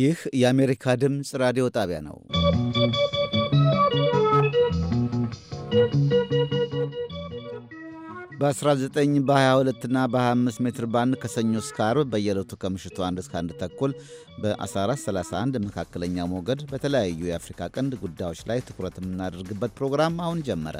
ይህ የአሜሪካ ድምፅ ራዲዮ ጣቢያ ነው። በ19 በ22 እና በ25 ሜትር ባንድ ከሰኞ እስከ አርብ በየዕለቱ ከምሽቱ አንድ እስከ አንድ ተኩል በ1431 መካከለኛ ሞገድ በተለያዩ የአፍሪካ ቀንድ ጉዳዮች ላይ ትኩረት የምናደርግበት ፕሮግራም አሁን ጀመረ።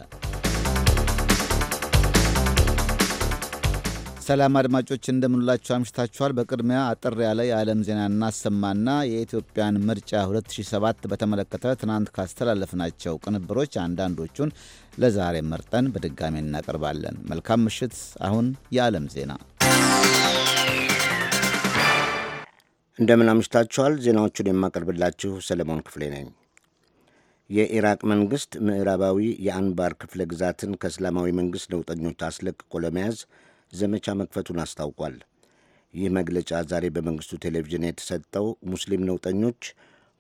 ሰላም አድማጮች እንደምንላችሁ አምሽታችኋል። በቅድሚያ አጠር ያለ የዓለም ዜና እናሰማና የኢትዮጵያን ምርጫ 2007 በተመለከተ ትናንት ካስተላለፍናቸው ቅንብሮች አንዳንዶቹን ለዛሬ መርጠን በድጋሚ እናቀርባለን። መልካም ምሽት። አሁን የዓለም ዜና እንደምን አምሽታችኋል። ዜናዎቹን የማቀርብላችሁ ሰለሞን ክፍሌ ነኝ። የኢራቅ መንግሥት ምዕራባዊ የአንባር ክፍለ ግዛትን ከእስላማዊ መንግሥት ነውጠኞች አስለቅቆ ለመያዝ ዘመቻ መክፈቱን አስታውቋል። ይህ መግለጫ ዛሬ በመንግስቱ ቴሌቪዥን የተሰጠው ሙስሊም ነውጠኞች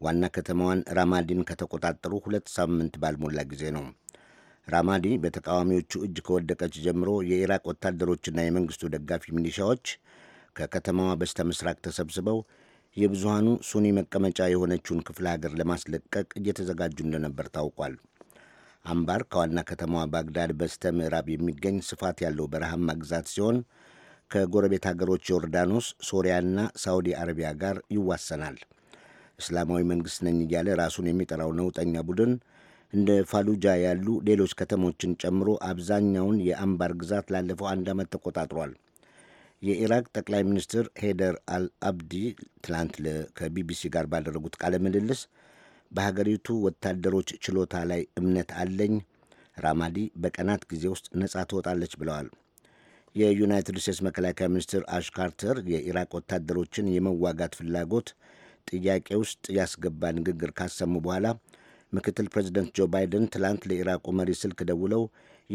ዋና ከተማዋን ራማዲን ከተቆጣጠሩ ሁለት ሳምንት ባልሞላ ጊዜ ነው። ራማዲ በተቃዋሚዎቹ እጅ ከወደቀች ጀምሮ የኢራቅ ወታደሮችና የመንግስቱ ደጋፊ ሚሊሻዎች ከከተማዋ በስተ ምስራቅ ተሰብስበው የብዙሃኑ ሱኒ መቀመጫ የሆነችውን ክፍለ ሀገር ለማስለቀቅ እየተዘጋጁ እንደነበር ታውቋል። አምባር ከዋና ከተማዋ ባግዳድ በስተ ምዕራብ የሚገኝ ስፋት ያለው በረሃማ ግዛት ሲሆን ከጎረቤት ሀገሮች ዮርዳኖስ፣ ሶሪያና ሳውዲ አረቢያ ጋር ይዋሰናል። እስላማዊ መንግሥት ነኝ እያለ ራሱን የሚጠራው ነውጠኛ ቡድን እንደ ፋሉጃ ያሉ ሌሎች ከተሞችን ጨምሮ አብዛኛውን የአምባር ግዛት ላለፈው አንድ ዓመት ተቆጣጥሯል። የኢራቅ ጠቅላይ ሚኒስትር ሄደር አልአብዲ ትላንት ከቢቢሲ ጋር ባደረጉት ቃለ ምልልስ በሀገሪቱ ወታደሮች ችሎታ ላይ እምነት አለኝ፣ ራማዲ በቀናት ጊዜ ውስጥ ነጻ ትወጣለች ብለዋል። የዩናይትድ ስቴትስ መከላከያ ሚኒስትር አሽ ካርተር የኢራቅ ወታደሮችን የመዋጋት ፍላጎት ጥያቄ ውስጥ ያስገባ ንግግር ካሰሙ በኋላ ምክትል ፕሬዚደንት ጆ ባይደን ትላንት ለኢራቁ መሪ ስልክ ደውለው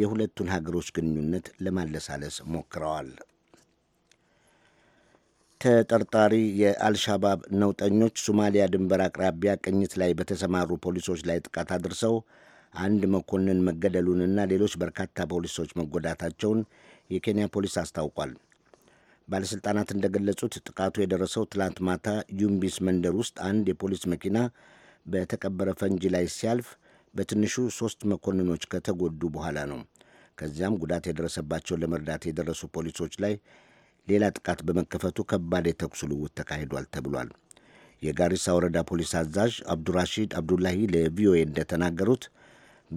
የሁለቱን ሀገሮች ግንኙነት ለማለሳለስ ሞክረዋል። ተጠርጣሪ የአልሻባብ ነውጠኞች ሶማሊያ ድንበር አቅራቢያ ቅኝት ላይ በተሰማሩ ፖሊሶች ላይ ጥቃት አድርሰው አንድ መኮንን መገደሉንና ሌሎች በርካታ ፖሊሶች መጎዳታቸውን የኬንያ ፖሊስ አስታውቋል። ባለሥልጣናት እንደገለጹት ጥቃቱ የደረሰው ትላንት ማታ ዩምቢስ መንደር ውስጥ አንድ የፖሊስ መኪና በተቀበረ ፈንጂ ላይ ሲያልፍ በትንሹ ሦስት መኮንኖች ከተጎዱ በኋላ ነው። ከዚያም ጉዳት የደረሰባቸውን ለመርዳት የደረሱ ፖሊሶች ላይ ሌላ ጥቃት በመከፈቱ ከባድ የተኩስ ልውውጥ ተካሂዷል ተብሏል። የጋሪሳ ወረዳ ፖሊስ አዛዥ አብዱራሺድ አብዱላሂ ለቪኦኤ እንደተናገሩት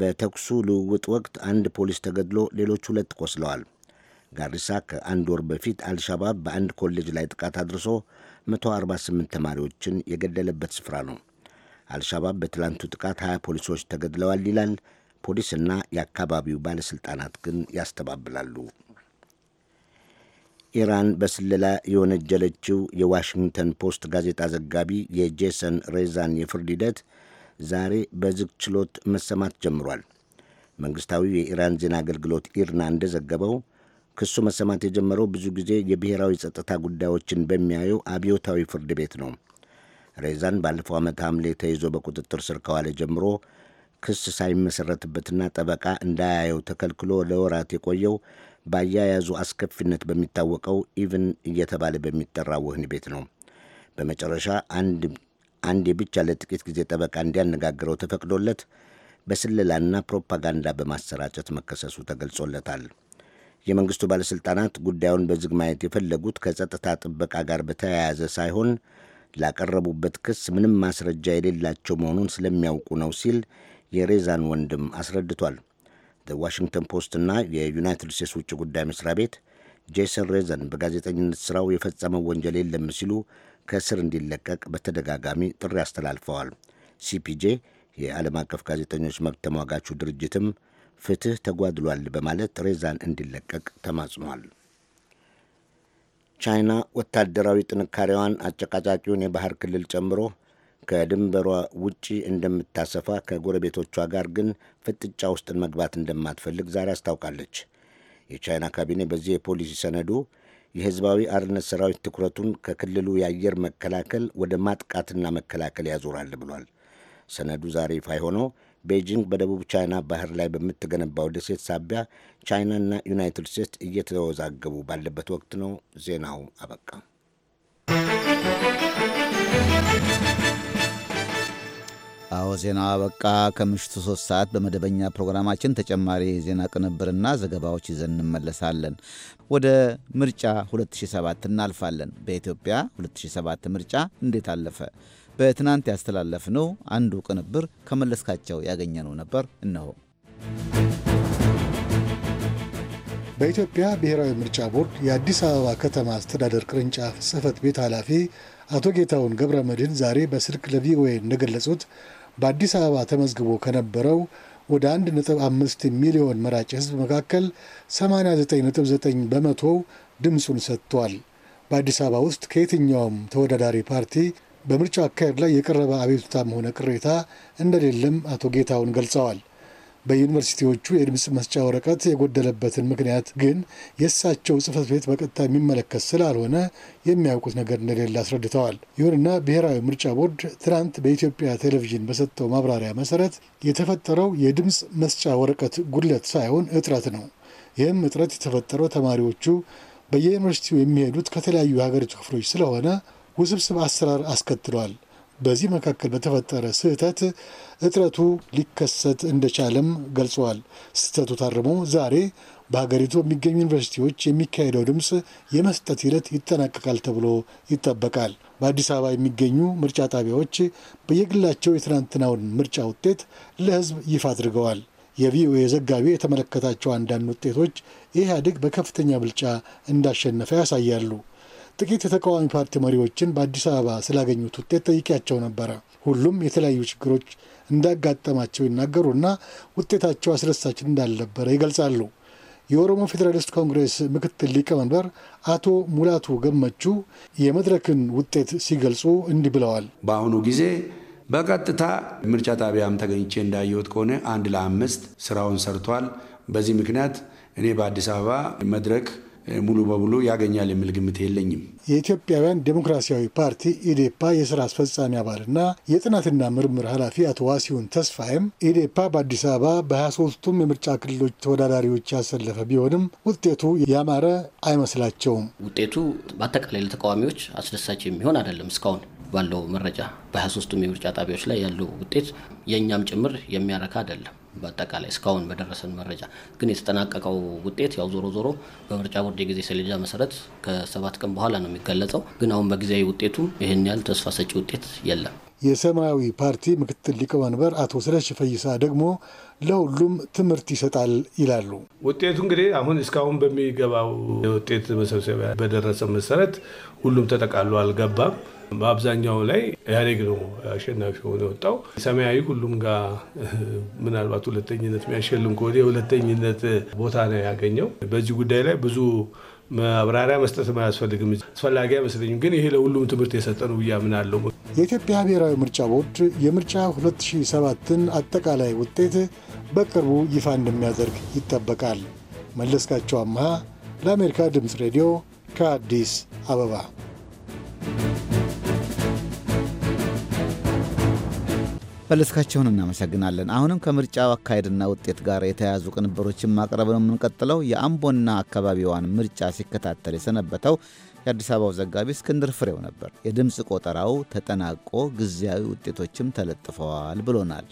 በተኩሱ ልውውጥ ወቅት አንድ ፖሊስ ተገድሎ ሌሎች ሁለት ቆስለዋል። ጋሪሳ ከአንድ ወር በፊት አልሻባብ በአንድ ኮሌጅ ላይ ጥቃት አድርሶ 148 ተማሪዎችን የገደለበት ስፍራ ነው። አልሻባብ በትላንቱ ጥቃት 20 ፖሊሶች ተገድለዋል ይላል። ፖሊስና የአካባቢው ባለሥልጣናት ግን ያስተባብላሉ። ኢራን በስለላ የወነጀለችው የዋሽንግተን ፖስት ጋዜጣ ዘጋቢ የጄሰን ሬዛን የፍርድ ሂደት ዛሬ በዝግ ችሎት መሰማት ጀምሯል። መንግሥታዊው የኢራን ዜና አገልግሎት ኢርና እንደዘገበው ክሱ መሰማት የጀመረው ብዙ ጊዜ የብሔራዊ ጸጥታ ጉዳዮችን በሚያየው አብዮታዊ ፍርድ ቤት ነው። ሬዛን ባለፈው ዓመት ሐምሌ ተይዞ በቁጥጥር ስር ከዋለ ጀምሮ ክስ ሳይመሰረትበትና ጠበቃ እንዳያየው ተከልክሎ ለወራት የቆየው በአያያዙ አስከፊነት በሚታወቀው ኢቭን እየተባለ በሚጠራ ወህኒ ቤት ነው። በመጨረሻ አንዴ ብቻ ለጥቂት ጊዜ ጠበቃ እንዲያነጋግረው ተፈቅዶለት በስለላና ፕሮፓጋንዳ በማሰራጨት መከሰሱ ተገልጾለታል። የመንግስቱ ባለሥልጣናት ጉዳዩን በዝግ ማየት የፈለጉት ከጸጥታ ጥበቃ ጋር በተያያዘ ሳይሆን ላቀረቡበት ክስ ምንም ማስረጃ የሌላቸው መሆኑን ስለሚያውቁ ነው ሲል የሬዛን ወንድም አስረድቷል። ዋሽንግተን ፖስት እና የዩናይትድ ስቴትስ ውጭ ጉዳይ መስሪያ ቤት ጄሰን ሬዘን በጋዜጠኝነት ስራው የፈጸመው ወንጀል የለም ሲሉ ከእስር እንዲለቀቅ በተደጋጋሚ ጥሪ አስተላልፈዋል። ሲፒጄ የዓለም አቀፍ ጋዜጠኞች መብት ተሟጋቹ ድርጅትም ፍትህ ተጓድሏል በማለት ሬዛን እንዲለቀቅ ተማጽኗል። ቻይና ወታደራዊ ጥንካሬዋን አጨቃጫቂውን የባህር ክልል ጨምሮ ከድንበሯ ውጪ እንደምታሰፋ ከጎረቤቶቿ ጋር ግን ፍጥጫ ውስጥን መግባት እንደማትፈልግ ዛሬ አስታውቃለች። የቻይና ካቢኔ በዚህ የፖሊሲ ሰነዱ የህዝባዊ አርነት ሰራዊት ትኩረቱን ከክልሉ የአየር መከላከል ወደ ማጥቃትና መከላከል ያዞራል ብሏል። ሰነዱ ዛሬ ይፋ የሆነው ቤጂንግ በደቡብ ቻይና ባህር ላይ በምትገነባው ደሴት ሳቢያ ቻይናና ዩናይትድ ስቴትስ እየተወዛገቡ ባለበት ወቅት ነው። ዜናው አበቃ። አዎ ዜናው በቃ ከምሽቱ ሶስት ሰዓት በመደበኛ ፕሮግራማችን ተጨማሪ የዜና ቅንብርና ዘገባዎች ይዘን እንመለሳለን። ወደ ምርጫ 2007 እናልፋለን። በኢትዮጵያ 2007 ምርጫ እንዴት አለፈ? በትናንት ያስተላለፍነው አንዱ ቅንብር ከመለስካቸው ያገኘነው ነበር። እነሆ። በኢትዮጵያ ብሔራዊ ምርጫ ቦርድ የአዲስ አበባ ከተማ አስተዳደር ቅርንጫፍ ጽህፈት ቤት ኃላፊ አቶ ጌታውን ገብረ መድህን ዛሬ በስልክ ለቪኦኤ እንደገለጹት በአዲስ አበባ ተመዝግቦ ከነበረው ወደ 1.5 ሚሊዮን መራጭ ህዝብ መካከል 89.9 በመቶ ድምፁን ሰጥቷል። በአዲስ አበባ ውስጥ ከየትኛውም ተወዳዳሪ ፓርቲ በምርጫው አካሄድ ላይ የቀረበ አቤቱታም ሆነ ቅሬታ እንደሌለም አቶ ጌታውን ገልጸዋል። በዩኒቨርሲቲዎቹ የድምፅ መስጫ ወረቀት የጎደለበትን ምክንያት ግን የእሳቸው ጽህፈት ቤት በቀጥታ የሚመለከት ስላልሆነ የሚያውቁት ነገር እንደሌለ አስረድተዋል። ይሁንና ብሔራዊ ምርጫ ቦርድ ትናንት በኢትዮጵያ ቴሌቪዥን በሰጠው ማብራሪያ መሰረት የተፈጠረው የድምፅ መስጫ ወረቀት ጉድለት ሳይሆን እጥረት ነው። ይህም እጥረት የተፈጠረው ተማሪዎቹ በየዩኒቨርሲቲው የሚሄዱት ከተለያዩ የሀገሪቱ ክፍሎች ስለሆነ ውስብስብ አሰራር አስከትሏል። በዚህ መካከል በተፈጠረ ስህተት እጥረቱ ሊከሰት እንደቻለም ገልጸዋል። ስህተቱ ታርሞ ዛሬ በሀገሪቱ በሚገኙ ዩኒቨርሲቲዎች የሚካሄደው ድምፅ የመስጠት ሂደት ይጠናቀቃል ተብሎ ይጠበቃል። በአዲስ አበባ የሚገኙ ምርጫ ጣቢያዎች በየግላቸው የትናንትናውን ምርጫ ውጤት ለሕዝብ ይፋ አድርገዋል። የቪኦኤ ዘጋቢ የተመለከታቸው አንዳንድ ውጤቶች ኢህአዴግ በከፍተኛ ብልጫ እንዳሸነፈ ያሳያሉ። ጥቂት የተቃዋሚ ፓርቲ መሪዎችን በአዲስ አበባ ስላገኙት ውጤት ጠይቄያቸው ነበረ። ሁሉም የተለያዩ ችግሮች እንዳጋጠማቸው ይናገሩና ውጤታቸው አስደሳች እንዳልነበረ ይገልጻሉ። የኦሮሞ ፌዴራሊስት ኮንግሬስ ምክትል ሊቀመንበር አቶ ሙላቱ ገመቹ የመድረክን ውጤት ሲገልጹ እንዲህ ብለዋል። በአሁኑ ጊዜ በቀጥታ ምርጫ ጣቢያም ተገኝቼ እንዳየሁት ከሆነ አንድ ለአምስት ስራውን ሰርቷል። በዚህ ምክንያት እኔ በአዲስ አበባ መድረክ ሙሉ በሙሉ ያገኛል የሚል ግምት የለኝም። የኢትዮጵያውያን ዴሞክራሲያዊ ፓርቲ ኢዴፓ የስራ አስፈጻሚ አባልና የጥናትና ምርምር ኃላፊ አቶ ዋሲሁን ተስፋዬም ኢዴፓ በአዲስ አበባ በ23ቱም የምርጫ ክልሎች ተወዳዳሪዎች ያሰለፈ ቢሆንም ውጤቱ ያማረ አይመስላቸውም። ውጤቱ በአጠቃላይ ለተቃዋሚዎች አስደሳች የሚሆን አይደለም። እስካሁን ባለው መረጃ በ23ቱም የምርጫ ጣቢያዎች ላይ ያለው ውጤት የእኛም ጭምር የሚያረካ አይደለም። በአጠቃላይ እስካሁን በደረሰን መረጃ ግን የተጠናቀቀው ውጤት ያው ዞሮ ዞሮ በምርጫ ቦርድ የጊዜ ሰሌዳ መሰረት ከሰባት ቀን በኋላ ነው የሚገለጸው። ግን አሁን በጊዜያዊ ውጤቱ ይህን ያህል ተስፋ ሰጪ ውጤት የለም። የሰማያዊ ፓርቲ ምክትል ሊቀመንበር አቶ ስለሽ ፈይሳ ደግሞ ለሁሉም ትምህርት ይሰጣል ይላሉ። ውጤቱ እንግዲህ አሁን እስካሁን በሚገባው የውጤት መሰብሰቢያ በደረሰ መሰረት ሁሉም ተጠቃሎ አልገባም። በአብዛኛው ላይ ኢህአዴግ ነው አሸናፊ ሆኖ የወጣው። ሰማያዊ ሁሉም ጋር ምናልባት ሁለተኝነት የሚያሸልም ከሆነ የሁለተኝነት ቦታ ነው ያገኘው። በዚህ ጉዳይ ላይ ብዙ ማብራሪያ መስጠት አያስፈልግም፣ አስፈላጊ አይመስለኝም። ግን ይሄ ለሁሉም ትምህርት የሰጠ ነው ብዬ አምናለሁ። የኢትዮጵያ ብሔራዊ ምርጫ ቦርድ የምርጫ 2007ን አጠቃላይ ውጤት በቅርቡ ይፋ እንደሚያደርግ ይጠበቃል። መለስካቸው አምሃ ለአሜሪካ ድምፅ ሬዲዮ ከአዲስ አበባ መለስካቸውን እናመሰግናለን። አሁንም ከምርጫው አካሄድና ውጤት ጋር የተያያዙ ቅንብሮችን ማቅረብ ነው የምንቀጥለው። የአምቦና አካባቢዋን ምርጫ ሲከታተል የሰነበተው የአዲስ አበባው ዘጋቢ እስክንድር ፍሬው ነበር። የድምፅ ቆጠራው ተጠናቆ ጊዜያዊ ውጤቶችም ተለጥፈዋል ብሎናል።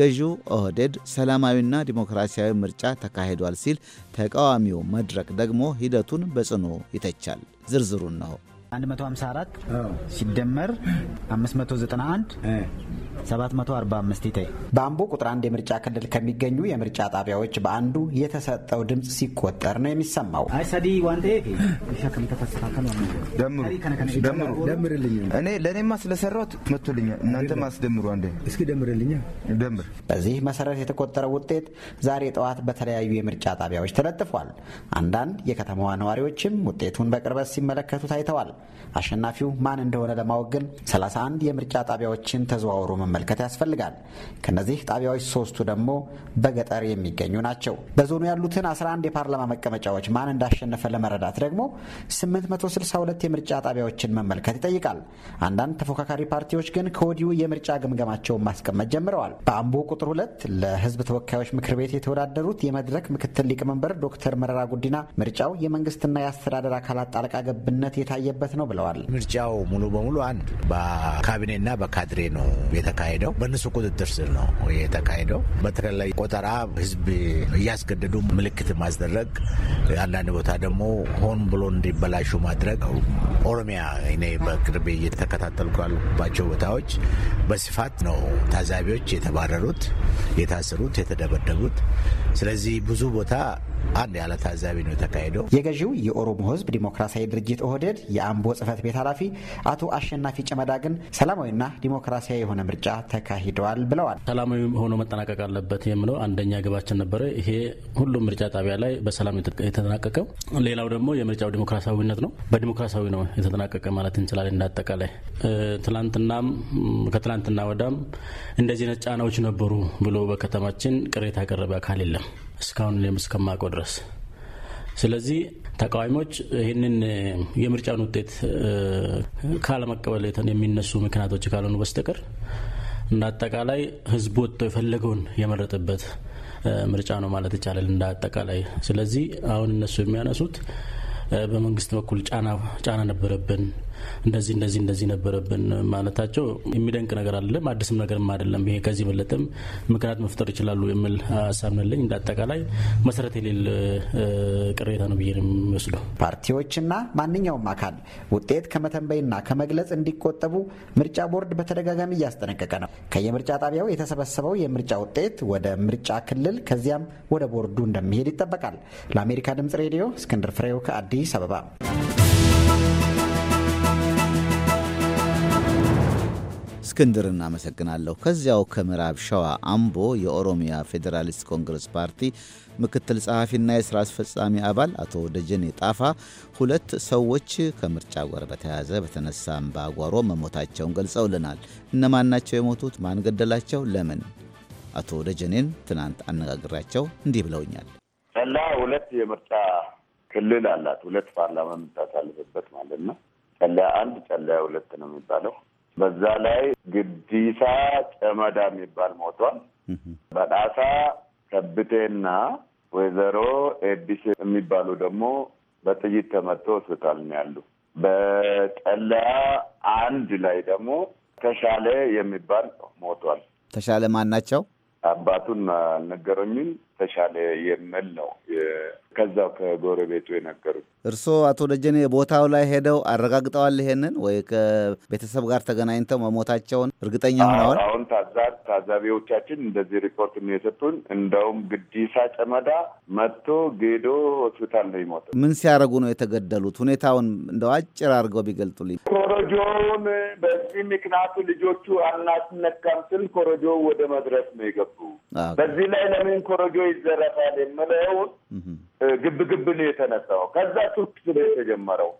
ገዢው ኦህዴድ ሰላማዊና ዲሞክራሲያዊ ምርጫ ተካሂዷል ሲል፣ ተቃዋሚው መድረክ ደግሞ ሂደቱን በጽኑ ይተቻል። ዝርዝሩን ነው 154 ሲደመር 591 745 ይታይ። በአምቦ ቁጥር አንድ የምርጫ ክልል ከሚገኙ የምርጫ ጣቢያዎች በአንዱ የተሰጠው ድምፅ ሲቆጠር ነው የሚሰማው። እኔ ለእኔማ ስለሰራሁት መቶልኛል። እናንተ ማስደምሩ አንዴ እስኪ ደምርልኛ። ደምር። በዚህ መሰረት የተቆጠረው ውጤት ዛሬ ጠዋት በተለያዩ የምርጫ ጣቢያዎች ተለጥፏል። አንዳንድ የከተማዋ ነዋሪዎችም ውጤቱን በቅርበት ሲመለከቱ ታይተዋል። አሸናፊው ማን እንደሆነ ለማወቅ ግን 31 የምርጫ ጣቢያዎችን ተዘዋውሮ መመልከት ያስፈልጋል። ከእነዚህ ጣቢያዎች ሶስቱ ደግሞ በገጠር የሚገኙ ናቸው። በዞኑ ያሉትን 11 የፓርላማ መቀመጫዎች ማን እንዳሸነፈ ለመረዳት ደግሞ 862 የምርጫ ጣቢያዎችን መመልከት ይጠይቃል። አንዳንድ ተፎካካሪ ፓርቲዎች ግን ከወዲሁ የምርጫ ግምገማቸውን ማስቀመጥ ጀምረዋል። በአምቦ ቁጥር ሁለት ለህዝብ ተወካዮች ምክር ቤት የተወዳደሩት የመድረክ ምክትል ሊቀመንበር ዶክተር መረራ ጉዲና ምርጫው የመንግስትና የአስተዳደር አካላት ጣልቃ ገብነት የታየበት ማለት ነው ብለዋል። ምርጫው ሙሉ በሙሉ አንድ በካቢኔና በካድሬ ነው የተካሄደው። በእነሱ ቁጥጥር ስር ነው የተካሄደው። በተለይ ቆጠራ ህዝብ እያስገደዱ ምልክት ማስደረግ፣ አንዳንድ ቦታ ደግሞ ሆን ብሎ እንዲበላሹ ማድረግ ኦሮሚያ እኔ በቅርቤ እየተከታተልኩ ያሉባቸው ቦታዎች በስፋት ነው ታዛቢዎች የተባረሩት፣ የታሰሩት፣ የተደበደቡት ስለዚህ ብዙ ቦታ አንድ ያለ ታዛቢ ነው የተካሄደው። የገዢው የኦሮሞ ህዝብ ዲሞክራሲያዊ ድርጅት ኦህዴድ የአምቦ ጽህፈት ቤት ኃላፊ አቶ አሸናፊ ጭመዳ ግን ሰላማዊና ዲሞክራሲያዊ የሆነ ምርጫ ተካሂደዋል ብለዋል። ሰላማዊ ሆኖ መጠናቀቅ አለበት የምለው አንደኛ ግባችን ነበረ። ይሄ ሁሉም ምርጫ ጣቢያ ላይ በሰላም የተጠናቀቀው። ሌላው ደግሞ የምርጫው ዲሞክራሲያዊነት ነው። በዲሞክራሲያዊ ነው የተጠናቀቀ ማለት እንችላለን። እንዳጠቃላይ ትላንትናም ከትላንትና ወዳም እንደዚህ ነጫናዎች ነበሩ ብሎ በከተማችን ቅሬታ ያቀረበ አካል የለም። እስካሁን እስከማውቀው ድረስ። ስለዚህ ተቃዋሚዎች ይህንን የምርጫን ውጤት ካለመቀበል የሚነሱ ምክንያቶች ካልሆኑ በስተቀር እንደ አጠቃላይ ህዝቡ ወጥቶ የፈለገውን የመረጠበት ምርጫ ነው ማለት ይቻላል እንደ አጠቃላይ። ስለዚህ አሁን እነሱ የሚያነሱት በመንግስት በኩል ጫና ነበረብን፣ እንደዚህ እንደዚህ እንደዚህ ነበረብን ማለታቸው የሚደንቅ ነገር አይደለም፣ አዲስም ነገርም አይደለም። ይሄ ከዚህ በለጠም ምክንያት መፍጠር ይችላሉ የሚል ሀሳብ ነለኝ። እንደ አጠቃላይ መሰረት የሌለ ቅሬታ ነው ብዬ ነው ፓርቲዎችና ማንኛውም አካል ውጤት ከመተንበይና ከመግለጽ እንዲቆጠቡ ምርጫ ቦርድ በተደጋጋሚ እያስጠነቀቀ ነው። ከየምርጫ ጣቢያው የተሰበሰበው የምርጫ ውጤት ወደ ምርጫ ክልል ከዚያም ወደ ቦርዱ እንደሚሄድ ይጠበቃል። ለአሜሪካ ድምጽ ሬዲዮ እስክንድር ፍሬው ከአዲስ አዲስ አበባ እስክንድር እናመሰግናለሁ። ከዚያው ከምዕራብ ሸዋ አምቦ የኦሮሚያ ፌዴራሊስት ኮንግረስ ፓርቲ ምክትል ጸሐፊና የሥራ አስፈጻሚ አባል አቶ ደጀኔ ጣፋ ሁለት ሰዎች ከምርጫ ጋር በተያያዘ በተነሳ አምባጓሮ መሞታቸውን ገልጸውልናል። እነማን ናቸው የሞቱት? ማን ገደላቸው? ለምን? አቶ ደጀኔን ትናንት አነጋግራቸው እንዲህ ብለውኛል። እና ሁለት የምርጫ ክልል አላት። ሁለት ፓርላማ የምታሳልፍበት ማለት ነው። ጨለያ አንድ ጨለያ ሁለት ነው የሚባለው። በዛ ላይ ግዲሳ ጨመዳ የሚባል ሞቷል። በጣሳ ከብቴና ወይዘሮ ኤዲስ የሚባሉ ደግሞ በጥይት ተመቶ ሆስፒታል ነው ያሉ። በጨለያ አንድ ላይ ደግሞ ተሻለ የሚባል ሞቷል። ተሻለ ማን ናቸው? አባቱን አልነገረኝም። ተሻለ የሚል ነው ከዛው ከጎረቤቱ የነገሩት። እርስዎ አቶ ደጀኔ ቦታው ላይ ሄደው አረጋግጠዋል ይሄንን ወይ ከቤተሰብ ጋር ተገናኝተው መሞታቸውን እርግጠኛ ሆነዋል? አሁን ታዛቢዎቻችን እንደዚህ ሪፖርት ነው የሰጡን እንደውም ግዲሳ ጨመዳ መጥቶ ጌዶ ሆስፒታል ነው ይሞተ። ምን ሲያደርጉ ነው የተገደሉት? ሁኔታውን እንደው አጭር አድርገው ቢገልጡልኝ። ኮረጆውን በዚህ ምክንያቱ ልጆቹ አናስነካም ስል ኮረጆው ወደ መድረስ ነው የገቡ። በዚህ ላይ ለምን ኮረጆ ይዘረፋል የምለውን ግብግብ ነው የተነሳው። ከዛ ቱርክ ስለ የተጀመረው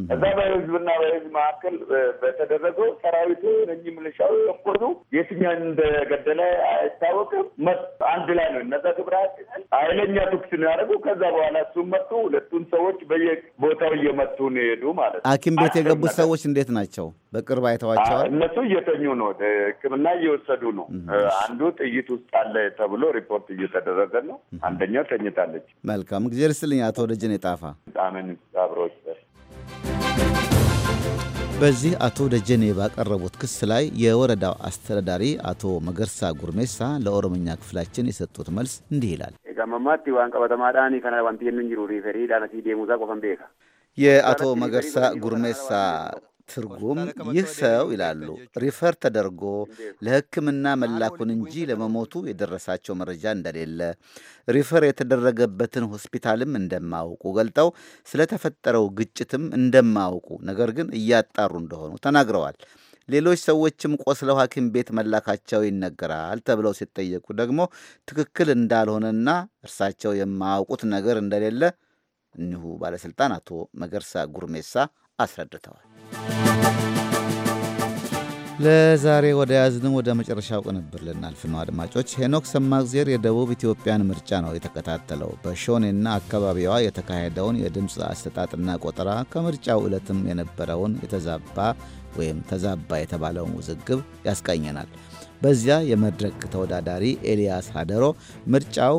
እዛ በህዝብና በህዝብ መካከል በተደረገው ሰራዊቱ እኚህ ምልሻው የኮዱ የትኛው እንደገደለ አይታወቅም። መጥ አንድ ላይ ነው እነዛ ግብረ ኃይለኛ ተኩስ ነው ያደረጉ። ከዛ በኋላ እሱም መጡ። ሁለቱን ሰዎች በየቦታው እየመቱ ነው ሄዱ ማለት ነው። ሐኪም ቤት የገቡት ሰዎች እንዴት ናቸው? በቅርብ አይተዋቸዋል? እነሱ እየተኙ ነው፣ ህክምና እየወሰዱ ነው። አንዱ ጥይት ውስጥ አለ ተብሎ ሪፖርት እየተደረገ ነው። አንደኛው ተኝታለች። መልካም ጊዜ ርስልኝ አቶ ደጀኔ ጣፋ ጣምን አብሮች በዚህ አቶ ደጀኔ ባቀረቡት ክስ ላይ የወረዳው አስተዳዳሪ አቶ መገርሳ ጉርሜሳ ለኦሮምኛ ክፍላችን የሰጡት መልስ እንዲህ ይላል። ዋን የንንጅሩ ሪፈሪ ዴሙዛ የአቶ መገርሳ ጉርሜሳ ትርጉም ይህ ሰው ይላሉ ሪፈር ተደርጎ ለሕክምና መላኩን እንጂ ለመሞቱ የደረሳቸው መረጃ እንደሌለ ሪፈር የተደረገበትን ሆስፒታልም እንደማያውቁ ገልጠው ስለተፈጠረው ግጭትም እንደማያውቁ ነገር ግን እያጣሩ እንደሆኑ ተናግረዋል። ሌሎች ሰዎችም ቆስለው ሐኪም ቤት መላካቸው ይነገራል ተብለው ሲጠየቁ ደግሞ ትክክል እንዳልሆነና እርሳቸው የማያውቁት ነገር እንደሌለ እኒሁ ባለሥልጣን አቶ መገርሳ ጉርሜሳ አስረድተዋል። ለዛሬ ወደ ያዝንም ወደ መጨረሻው ቅንብር ልናልፍ ነው አድማጮች። ሄኖክ ሰማግዜር የደቡብ ኢትዮጵያን ምርጫ ነው የተከታተለው። በሾኔና አካባቢዋ የተካሄደውን የድምፅ አሰጣጥና ቆጠራ፣ ከምርጫው ዕለትም የነበረውን የተዛባ ወይም ተዛባ የተባለውን ውዝግብ ያስቃኘናል። በዚያ የመድረክ ተወዳዳሪ ኤልያስ ሀደሮ ምርጫው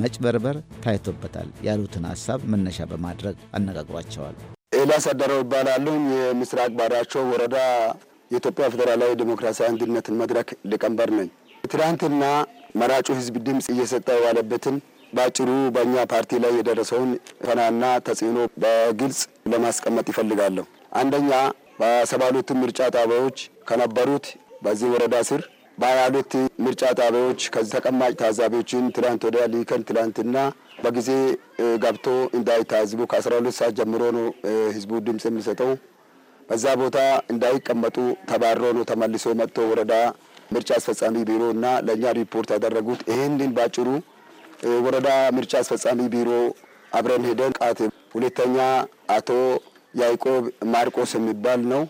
መጭበርበር ታይቶበታል ያሉትን ሀሳብ መነሻ በማድረግ አነጋግሯቸዋል። ኤልያስ አደረው ይባላሉ። የምስራቅ ባሪያቸው ወረዳ የኢትዮጵያ ፌዴራላዊ ዴሞክራሲያዊ አንድነትን መድረክ ሊቀመንበር ነኝ። ትናንትና መራጩ ህዝብ ድምፅ እየሰጠ የዋለበትን በአጭሩ በእኛ ፓርቲ ላይ የደረሰውን ፈናና ተጽዕኖ በግልጽ ለማስቀመጥ ይፈልጋለሁ። አንደኛ በሰባ ምርጫ ጣቢያዎች ከነበሩት በዚህ ወረዳ ስር በሀያ ሁለት ምርጫ ጣቢያዎች ከዚህ ተቀማጭ ታዛቢዎችን ትላንት ወዲያ ሊከን ትላንትና በጊዜ ገብቶ እንዳይታዝቡ ከአስራ ሁለት ሰዓት ጀምሮ ነው ህዝቡ ድምፅ የሚሰጠው። በዛ ቦታ እንዳይቀመጡ ተባሮ ነው ተመልሶ መጥቶ ወረዳ ምርጫ አስፈጻሚ ቢሮ እና ለእኛ ሪፖርት ያደረጉት። ይህንን ባጭሩ ወረዳ ምርጫ አስፈጻሚ ቢሮ አብረን ሄደን ቃት ሁለተኛ አቶ ያዕቆብ ማርቆስ የሚባል ነው።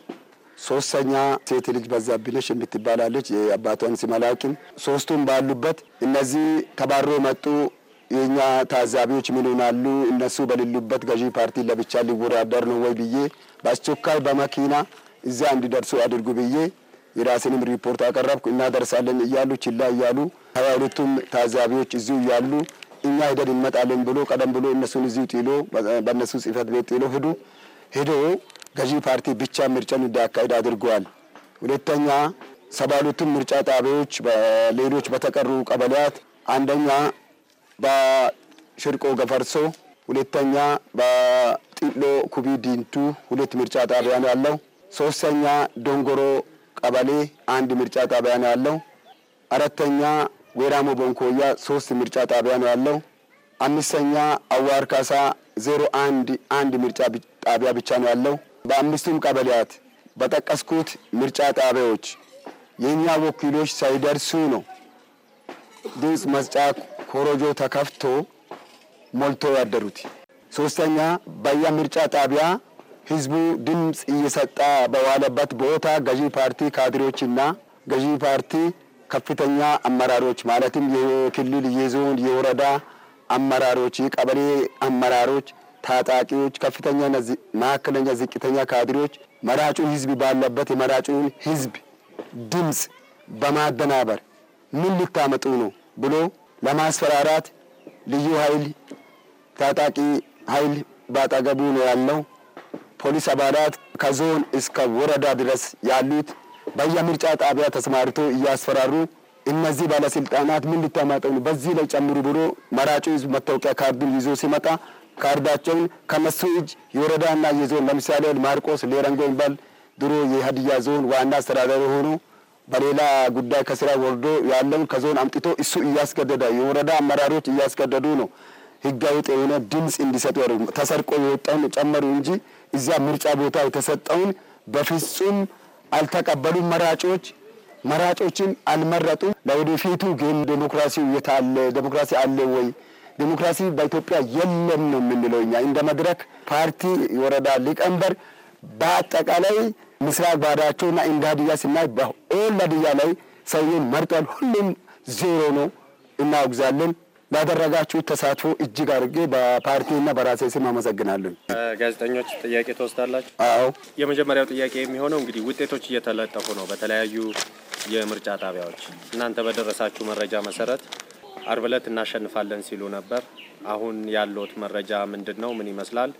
ሶስተኛ ሴት ልጅ በዛብነሽ የምትባላለች የአባቷን ስም ሶስቱም ባሉበት እነዚህ ተባሮ መጡ። የእኛ ታዛቢዎች ምን ይሆናሉ? እነሱ በሌሉበት ገዢ ፓርቲ ለብቻ ሊወዳደር ነው ወይ ብዬ በአስቸኳይ በመኪና እዚያ እንዲደርሱ አድርጉ ብዬ የራስንም ሪፖርት አቀረብኩ። እናደርሳለን እያሉ ችላ እያሉ ሀያ ሁለቱም ታዛቢዎች እዚሁ እያሉ እኛ ሂደን እንመጣለን ብሎ ቀደም ብሎ እነሱን እዚሁ ጥሎ በእነሱ ጽህፈት ቤት ጥሎ ሂዱ ሄዶ ገዢ ፓርቲ ብቻ ምርጫን እንዲያካሄድ አድርገዋል። ሁለተኛ ሰባ ሁለቱም ምርጫ ጣቢያዎች ሌሎች በተቀሩ ቀበሌያት አንደኛ በሽርቆ ገፈርሶ ሁለተኛ በጢሎ ኩቢ ዲንቱ ሁለት ምርጫ ጣቢያ ነው ያለው። ሶስተኛ ዶንጎሮ ቀበሌ አንድ ምርጫ ጣቢያ ነው ያለው። አራተኛ ወይራሞ ቦንኮያ ሶስት ምርጫ ጣቢያ ነው ያለው። አምስተኛ አዋር ካሳ ዜሮ አንድ አንድ ምርጫ ጣቢያ ብቻ ነው ያለው። በአምስቱም ቀበሌያት በጠቀስኩት ምርጫ ጣቢያዎች የእኛ ወኪሎች ሳይደርሱ ነው ድምፅ መስጫ ኮሮጆ ተከፍቶ ሞልቶ ያደሩት። ሶስተኛ በየምርጫ ጣቢያ ህዝቡ ድምፅ እየሰጠ በዋለበት ቦታ ገዢ ፓርቲ ካድሬዎችና ገዢ ፓርቲ ከፍተኛ አመራሮች ማለትም የክልል፣ የዞን፣ የወረዳ አመራሮች፣ የቀበሌ አመራሮች፣ ታጣቂዎች፣ ከፍተኛ መካከለኛ፣ ዝቅተኛ ካድሬዎች መራጩ ህዝብ ባለበት የመራጩን ህዝብ ድምፅ በማደናበር ምን ልታመጡ ነው ብሎ ለማስፈራራት ልዩ ኃይል ታጣቂ ኃይል ባጠገቡ ነው ያለው። ፖሊስ አባላት ከዞን እስከ ወረዳ ድረስ ያሉት በየምርጫ ጣቢያ ተሰማርቶ እያስፈራሩ እነዚህ ባለስልጣናት ምን ልታማጠው በዚህ ላይ ጨምሩ ብሎ መራጩ ህዝብ መታወቂያ ካርዱን ይዞ ሲመጣ ካርዳቸውን ከነሱ እጅ የወረዳና የዞን ለምሳሌ ማርቆስ ሌረንጎ ይባል ድሮ የሀዲያ ዞን ዋና አስተዳዳሪ ሆኖ በሌላ ጉዳይ ከስራ ወርዶ ያለውን ከዞን አምጥቶ እሱ እያስገደደ የወረዳ አመራሮች እያስገደዱ ነው። ህጋዊ የሆነ ድምፅ እንዲሰጡ ያደ ተሰርቆ የወጣውን ጨመሩ እንጂ እዚያ ምርጫ ቦታ የተሰጠውን በፍጹም አልተቀበሉም። መራጮች መራጮችን አልመረጡም። ለወደፊቱ ግን ዴሞክራሲ የታለ? ዴሞክራሲ አለ ወይ? ዴሞክራሲ በኢትዮጵያ የለም ነው የምንለው እኛ እንደ መድረክ ፓርቲ የወረዳ ሊቀመንበር በአጠቃላይ ምስራቅ ባዳቸውና እንዳድያ ስናይ በኤላድያ ላይ ሰውዬን መርጧል። ሁሉም ዜሮ ነው። እናውግዛለን። ላደረጋችሁ ተሳትፎ እጅግ አድርጌ በፓርቲና በራሴ ስም አመሰግናለን። ጋዜጠኞች ጥያቄ ትወስዳላችሁ? አዎ። የመጀመሪያው ጥያቄ የሚሆነው እንግዲህ ውጤቶች እየተለጠፉ ነው በተለያዩ የምርጫ ጣቢያዎች። እናንተ በደረሳችሁ መረጃ መሰረት አርብ ዕለት እናሸንፋለን ሲሉ ነበር። አሁን ያለዎት መረጃ ምንድን ነው? ምን ይመስላል?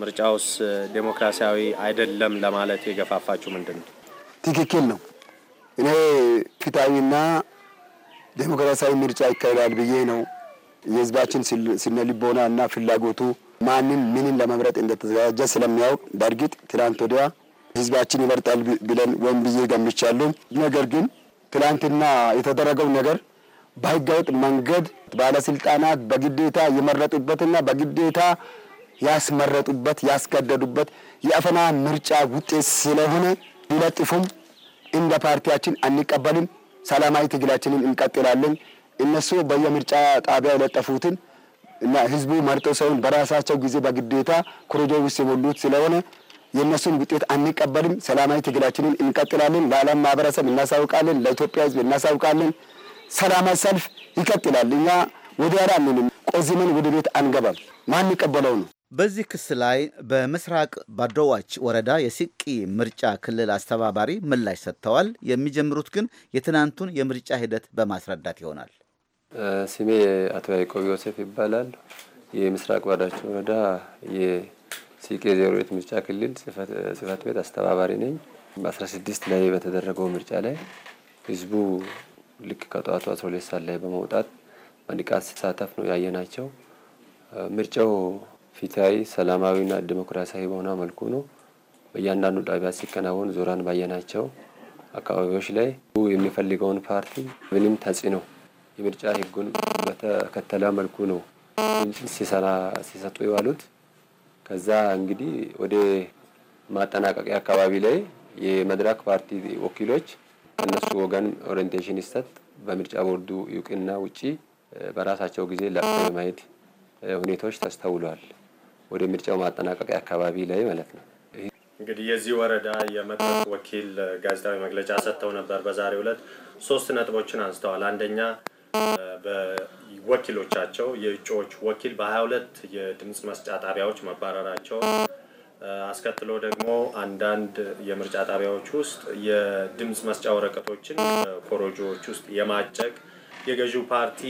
ምርጫውስ ዴሞክራሲያዊ አይደለም ለማለት የገፋፋችሁ ምንድን ነው? ትክክል ነው። እኔ ፍትሐዊና ዴሞክራሲያዊ ምርጫ ይካሄዳል ብዬ ነው። የህዝባችን ስነ እና ፍላጎቱ ማንም ምንን ለመምረጥ እንደተዘጋጀ ስለሚያውቅ፣ በእርግጥ ትላንት ወዲያ ህዝባችን ይመርጣል ብለን ወይም ብዬ ገምቻለሁ። ነገር ግን ትላንትና የተደረገው ነገር በህገወጥ መንገድ ባለስልጣናት በግዴታ የመረጡበትና በግዴታ ያስመረጡበት ያስገደዱበት የአፈና ምርጫ ውጤት ስለሆነ ሊለጥፉም እንደ ፓርቲያችን አንቀበልም። ሰላማዊ ትግላችንን እንቀጥላለን። እነሱ በየምርጫ ጣቢያ የለጠፉትን እና ህዝቡ መርጦ ሰውን በራሳቸው ጊዜ በግዴታ ኮሮጆ ውስጥ የሞሉት ስለሆነ የእነሱን ውጤት አንቀበልም። ሰላማዊ ትግላችንን እንቀጥላለን። ለዓለም ማህበረሰብ እናሳውቃለን። ለኢትዮጵያ ህዝብ እናሳውቃለን። ሰላማዊ ሰልፍ ይቀጥላል። እኛ ወደ አንልም። ቆዝመን ወደ ቤት አንገባም። ማን ይቀበለው ነው? በዚህ ክስ ላይ በምስራቅ ባዶዋች ወረዳ የሲቂ ምርጫ ክልል አስተባባሪ ምላሽ ሰጥተዋል። የሚጀምሩት ግን የትናንቱን የምርጫ ሂደት በማስረዳት ይሆናል። ስሜ አቶ ያዕቆብ ዮሴፍ ይባላል። የምስራቅ ባዳች ወረዳ የሲቂ ዜሮ ምርጫ ክልል ጽህፈት ቤት አስተባባሪ ነኝ። በ16 ላይ በተደረገው ምርጫ ላይ ህዝቡ ልክ ከጠዋቱ 12 ሰዓት ላይ በመውጣት በንቃት ሲሳተፍ ነው ያየናቸው ምርጫው ፍትሐዊ፣ ሰላማዊና ዲሞክራሲያዊ በሆነ መልኩ ነው በእያንዳንዱ ጣቢያ ሲከናወን ዞራን ባየናቸው አካባቢዎች ላይ የሚፈልገውን ፓርቲ ምንም ተጽዕኖ የምርጫ ህጉን በተከተለ መልኩ ነው ሲሰራ ሲሰጡ የዋሉት። ከዛ እንግዲህ ወደ ማጠናቀቂያ አካባቢ ላይ የመድረክ ፓርቲ ወኪሎች እነሱ ወገን ኦሪንቴሽን ይሰጥ፣ በምርጫ ቦርዱ እውቅና ውጪ በራሳቸው ጊዜ ማየት ሁኔታዎች ተስተውሏል። ወደ ምርጫው ማጠናቀቂያ አካባቢ ላይ ማለት ነው። እንግዲህ የዚህ ወረዳ የመድረክ ወኪል ጋዜጣዊ መግለጫ ሰጥተው ነበር። በዛሬው ዕለት ሶስት ነጥቦችን አንስተዋል። አንደኛ በወኪሎቻቸው የእጩዎች ወኪል በሀያ ሁለት የድምፅ መስጫ ጣቢያዎች መባረራቸው አስከትሎ ደግሞ አንዳንድ የምርጫ ጣቢያዎች ውስጥ የድምፅ መስጫ ወረቀቶችን ኮሮጆዎች ውስጥ የማጨቅ የገዢው ፓርቲ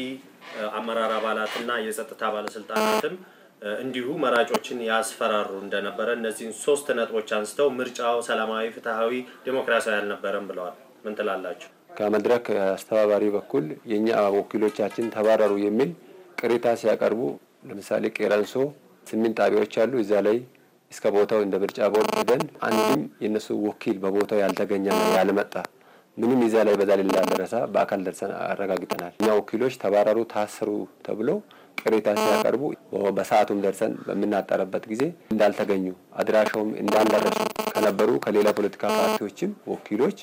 አመራር አባላትና የጸጥታ ባለስልጣናትም እንዲሁ መራጮችን ያስፈራሩ እንደነበረ እነዚህን ሶስት ነጥቦች አንስተው ምርጫው ሰላማዊ፣ ፍትሐዊ፣ ዴሞክራሲያዊ አልነበረም ብለዋል። ምን ትላላችሁ? ከመድረክ አስተባባሪ በኩል የእኛ ወኪሎቻችን ተባረሩ የሚል ቅሬታ ሲያቀርቡ ለምሳሌ ቄረንሶ ስምንት ጣቢያዎች አሉ። እዛ ላይ እስከ ቦታው እንደ ምርጫ ቦርድ ሄደን አንድም የእነሱ ወኪል በቦታው ያልተገኘ ያልመጣ ምንም ይዛ ላይ በዛ ሌላ ደረሳ በአካል ደርሰን አረጋግጠናል። እኛ ወኪሎች ተባረሩ፣ ታሰሩ ተብሎ ቅሬታ ሲያቀርቡ በሰዓቱም ደርሰን በምናጠረበት ጊዜ እንዳልተገኙ አድራሻውም እንዳልደረሱ ከነበሩ ከሌላ ፖለቲካ ፓርቲዎችም ወኪሎች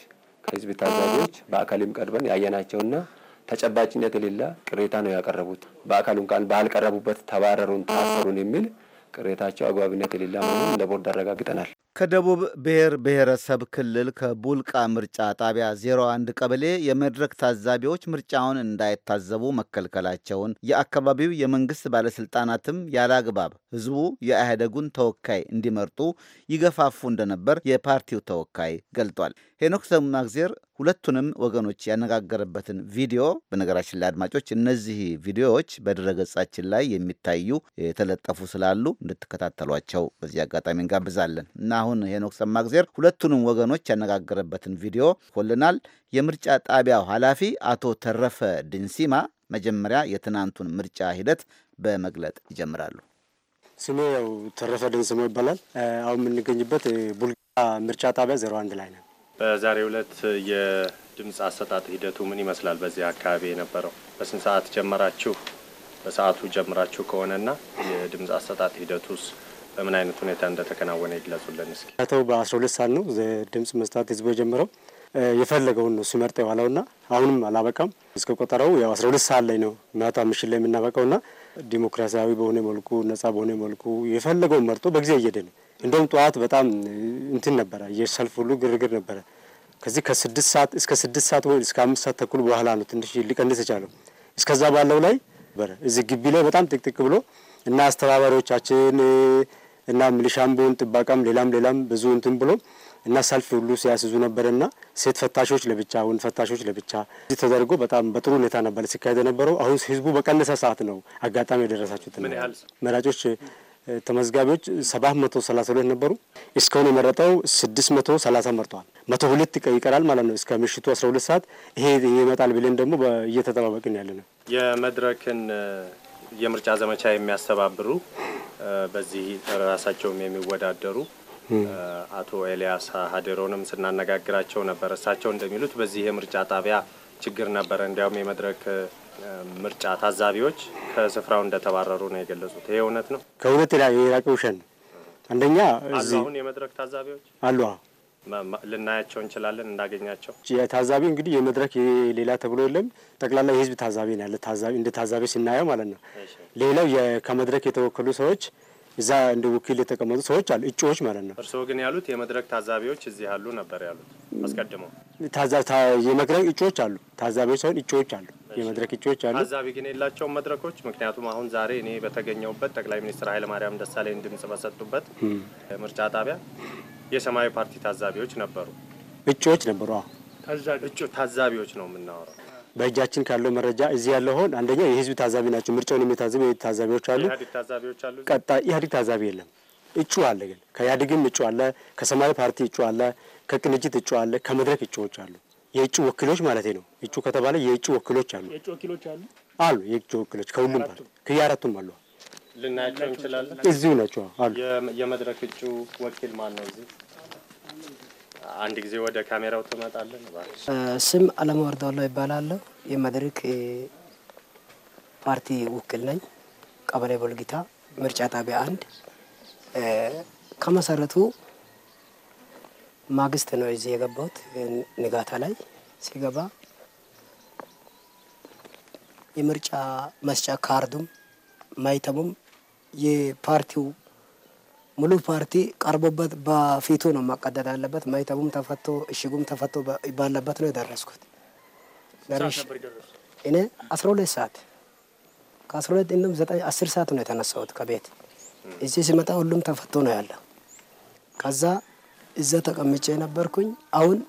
ከህዝብ ታዛቢዎች በአካልም ቀርበን ያየናቸውና ተጨባጭነት የሌለ ቅሬታ ነው ያቀረቡት። በአካል ቃል ባልቀረቡበት ተባረሩን፣ ታሰሩን የሚል ቅሬታቸው አግባብነት የሌላ መሆኑን ቦርድ አረጋግጠናል። ከደቡብ ብሔር ብሔረሰብ ክልል ከቡልቃ ምርጫ ጣቢያ 01 ቀበሌ የመድረክ ታዛቢዎች ምርጫውን እንዳይታዘቡ መከልከላቸውን የአካባቢው የመንግስት ባለስልጣናትም ያለ አግባብ ህዝቡ የአህደጉን ተወካይ እንዲመርጡ ይገፋፉ እንደነበር የፓርቲው ተወካይ ገልጧል። ሄኖክ ሰማግዜር ሁለቱንም ወገኖች ያነጋገረበትን ቪዲዮ በነገራችን ላይ አድማጮች፣ እነዚህ ቪዲዮዎች በድረገጻችን ላይ የሚታዩ የተለጠፉ ስላሉ እንድትከታተሏቸው በዚህ አጋጣሚ እንጋብዛለን እና አሁን ሄኖክ ሰማግዜር ሁለቱንም ወገኖች ያነጋገረበትን ቪዲዮ ኮልናል። የምርጫ ጣቢያው ኃላፊ አቶ ተረፈ ድንሲማ መጀመሪያ የትናንቱን ምርጫ ሂደት በመግለጥ ይጀምራሉ። ስሜ ያው ተረፈ ድንሲማ ይባላል። አሁን የምንገኝበት ቡልጋ ምርጫ ጣቢያ ዜሮ አንድ ላይ ነው። በዛሬው ዕለት የድምፅ አሰጣጥ ሂደቱ ምን ይመስላል? በዚህ አካባቢ የነበረው በስንት ሰዓት ጀመራችሁ? በሰዓቱ ጀምራችሁ ከሆነና የድምፅ አሰጣጥ ሂደቱስ በምን አይነት ሁኔታ እንደተከናወነ ይግለጹልን እስኪ። ተው በአስራ ሁለት ሰዓት ነው ድምፅ መስጣት ህዝቡ የጀመረው የፈለገውን ነው ሲመርጥ ና አሁንም አላበቃም እስከ ቆጠረው ያው አስራ ሁለት ሰዓት ላይ ነው ማታ ምሽት ላይ የምናበቀው ና ዲሞክራሲያዊ በሆነ መልኩ ነጻ በሆነ መልኩ የፈለገውን መርጦ በጊዜ እየሄደ ነው። እንደውም ጠዋት በጣም እንትን ነበረ የሰልፍ ሁሉ ግርግር ነበረ። ከዚህ ከስድስት ሰዓት እስከ ስድስት ሰዓት ወይ እስከ አምስት ሰዓት ተኩል በኋላ ነው ትንሽ ሊቀንስ የቻለው። እስከዛ ባለው ላይ ነበረ። እዚህ ግቢ ላይ በጣም ጥቅጥቅ ብሎ እና አስተባባሪዎቻችን እና ሚሊሻም ቢሆን ጥባቃም፣ ሌላም ሌላም ብዙ እንትን ብሎ እና ሰልፍ ሁሉ ሲያስዙ ነበር እና ሴት ፈታሾች ለብቻ ወንድ ፈታሾች ለብቻ እዚህ ተደርጎ በጣም በጥሩ ሁኔታ ነበር ሲካሄድ የነበረው። አሁን ህዝቡ በቀነሰ ሰዓት ነው አጋጣሚ የደረሳችሁት መራጮች ተመዝጋቢዎች 732 ነበሩ። እስካሁን የመረጠው 630 መቶ ሁለት ይቀራል ማለት ነው። እስከ ምሽቱ 12 ሰዓት ይሄ ይመጣል ብለን ደግሞ እየተጠባበቅን ያለ ነው። የመድረክን የምርጫ ዘመቻ የሚያስተባብሩ በዚህ ራሳቸውም የሚወዳደሩ አቶ ኤልያስ ሀዴሮንም ስናነጋግራቸው ነበር። እሳቸው እንደሚሉት በዚህ የምርጫ ጣቢያ ችግር ነበረ። እንዲያውም የመድረክ ምርጫ ታዛቢዎች ከስፍራው እንደተባረሩ ነው የገለጹት። ይሄ እውነት ነው? ከእውነት የራቀ ውሸት ነው። አንደኛ አሁን የመድረክ ታዛቢዎች አሉ ልናያቸው እንችላለን። እንዳገኛቸው ታዛቢ እንግዲህ የመድረክ ሌላ ተብሎ የለም። ጠቅላላ የህዝብ ታዛቢ ነው ያለ ታዛቢ እንደ ታዛቢ ስናየው ማለት ነው። ሌላው ከመድረክ የተወከሉ ሰዎች እዛ እንደ ውኪል የተቀመጡ ሰዎች አሉ፣ እጩዎች ማለት ነው። እርስዎ ግን ያሉት የመድረክ ታዛቢዎች እዚህ አሉ ነበር ያሉት። አስቀድመው የመድረክ እጩዎች አሉ፣ ታዛቢዎች ሳይሆን እጩዎች አሉ። የመድረክ እጩዎች አሉ። ታዛቢ ግን የላቸውም መድረኮች። ምክንያቱም አሁን ዛሬ እኔ በተገኘውበት ጠቅላይ ሚኒስትር ኃይለማርያም ደሳለኝ ድምጽ በሰጡበት ምርጫ ጣቢያ የሰማያዊ ፓርቲ ታዛቢዎች ነበሩ፣ እጩዎች ነበሩ። ታዛቢዎች ነው የምናወራው። በእጃችን ካለው መረጃ እዚህ ያለው ሆን አንደኛ የህዝብ ታዛቢ ናቸው። ምርጫውን የሚታዘቡ ታዛቢዎች አሉ፣ ቀጣ ኢህአዴግ ታዛቢ የለም። እጩ አለ ግን ከኢህአዴግም እጩ አለ፣ ከሰማያዊ ፓርቲ እጩ አለ፣ ከቅንጅት እጩ አለ፣ ከመድረክ እጩዎች አሉ። የእጩ ወኪሎች ማለት ነው። እጩ ከተባለ የእጩ ወኪሎች አሉ አሉ የእጩ ወኪሎች ከሁሉም ፓርቲ ከየአራቱም አሉ። ልናያቸው እንችላለን። እዚሁ ናቸው አሉ። የመድረክ እጩ ወኪል ማን ነው? እዚህ አንድ ጊዜ ወደ ካሜራው ትመጣለን። ስም አለማወርዳለሁ ይባላለሁ። የመድረክ ፓርቲ ውክል ነኝ። ቀበሌ ቦልጊታ ምርጫ ጣቢያ አንድ ከመሰረቱ ማግስት ነው እዚህ የገባሁት። ንጋታ ላይ ሲገባ የምርጫ መስጫ ካርዱም ማይተሙም የፓርቲው ሙሉ ፓርቲ ቀርቦበት በፊቱ ነው መቀደድ አለበት። ማይተሙም ተፈቶ እሽጉም ተፈቶ ባለበት ነው የደረስኩት። እኔ አስራ ሁለት ሰዓት ከአስራ ሁለት እንደውም ዘጠኝ አስር ሰዓት ነው የተነሳሁት ከቤት እዚህ ሲመጣ ሁሉም ተፈቶ ነው ያለው ከዛ እዛ ተቀምጬ ነበርኩኝ። አሁን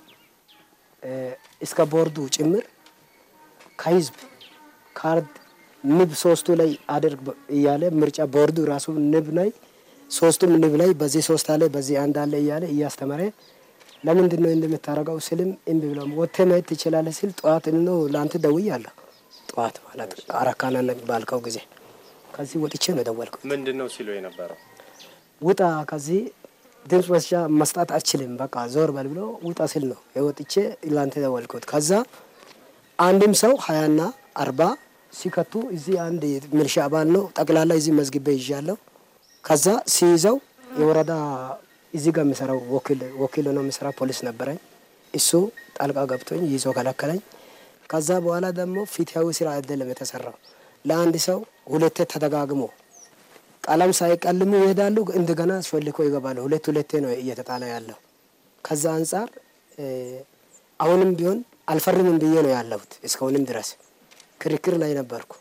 እስከ ቦርዱ ጭምር ከህዝብ ካርድ ንብ ሶስቱ ላይ አድርግ እያለ ምርጫ ቦርዱ ራሱ ንብ ላይ ሶስቱም ንብ ላይ በዚህ ሶስት አለ በዚህ አንድ አለ እያለ እያስተማረ ለምንድን ነው እንደምታረገው ስልም እምቢ ብለ ወጥተህ መሄድ ትችላለህ ሲል ጠዋት ነው ለአንተ ደውያለሁ። ጠዋት ማለት አራካና ባልከው ጊዜ ከዚህ ወጥቼ ነው ደወልኩ። ምንድን ነው ሲሉ የነበረው ውጣ ከዚህ ድምፅ መስጫ መስጣት አችልም፣ በቃ ዞር በል ብሎ ውጣ ስል ነው የወጥቼ ላንተ ደወልኩት። ከዛ አንድም ሰው ሀያና አርባ ሲከቱ እዚህ አንድ ሚሊሻ አባል ነው ጠቅላላ እዚህ መዝግቤ ይዣለሁ። ከዛ ሲይዘው የወረዳ እዚህ ጋር የሚሰራው ወኪል ነው የሚሰራ ፖሊስ ነበረኝ። እሱ ጣልቃ ገብቶኝ ይዞ ከለከለኝ። ከዛ በኋላ ደግሞ ፊትያዊ ስራ አይደለም የተሰራው ለአንድ ሰው ሁለቴ ተደጋግሞ ቀለም ሳይቀልሙ ይሄዳሉ። እንደገና አስፈልኮ ይገባሉ። ሁለት ሁለቴ ነው እየተጣለ ያለው። ከዛ አንጻር አሁንም ቢሆን አልፈርምም ብዬ ነው ያለሁት። እስካሁንም ድረስ ክርክር ላይ ነበርኩ።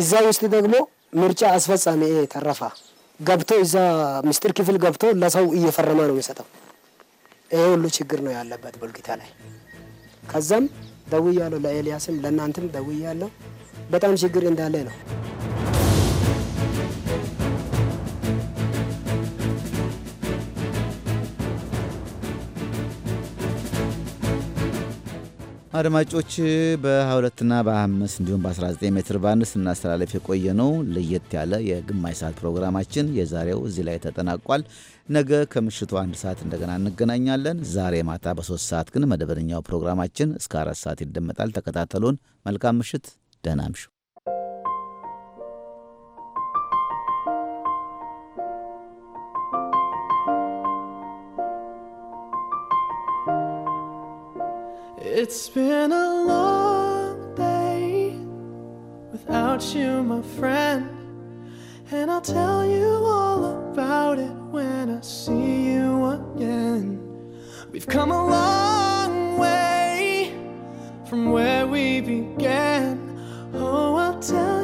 እዛ ውስጥ ደግሞ ምርጫ አስፈጻሚ ተረፋ ገብቶ እዛ ምስጢር ክፍል ገብቶ ለሰው እየፈረመ ነው የሚሰጠው። ይሄ ሁሉ ችግር ነው ያለበት ቦልጊታ ላይ። ከዛም ደውያለሁ፣ ለኤልያስም ለእናንተም ደውያለሁ። በጣም ችግር እንዳለ ነው። አድማጮች በ22ና በ25 እንዲሁም በ19 ሜትር ባንድ ስናስተላለፍ የቆየ ነው። ለየት ያለ የግማሽ ሰዓት ፕሮግራማችን የዛሬው እዚህ ላይ ተጠናቋል። ነገ ከምሽቱ አንድ ሰዓት እንደገና እንገናኛለን። ዛሬ ማታ በሶስት ሰዓት ግን መደበኛው ፕሮግራማችን እስከ አራት ሰዓት ይደመጣል። ተከታተሉን። መልካም ምሽት። ደህና It's been a long day without you, my friend. And I'll tell you all about it when I see you again. We've come a long way from where we began. Oh, I'll tell you.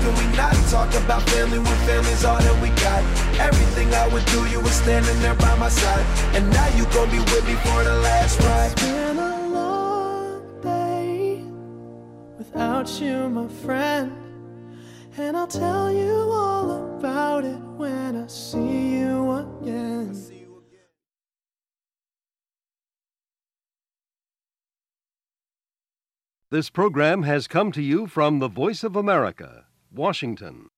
can we not talk about family when family's all that we got? Everything I would do, you were standing there by my side. And now you gon' be with me for the last ride. It's been a long day without you, my friend. And I'll tell you all about it when I see you again. This program has come to you from the Voice of America. Washington.